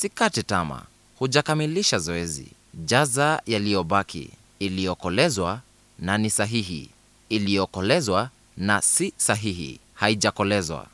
Sikate tama hujakamilisha zoezi. Jaza yaliyobaki, iliyokolezwa na ni sahihi, iliyokolezwa na si sahihi, haijakolezwa.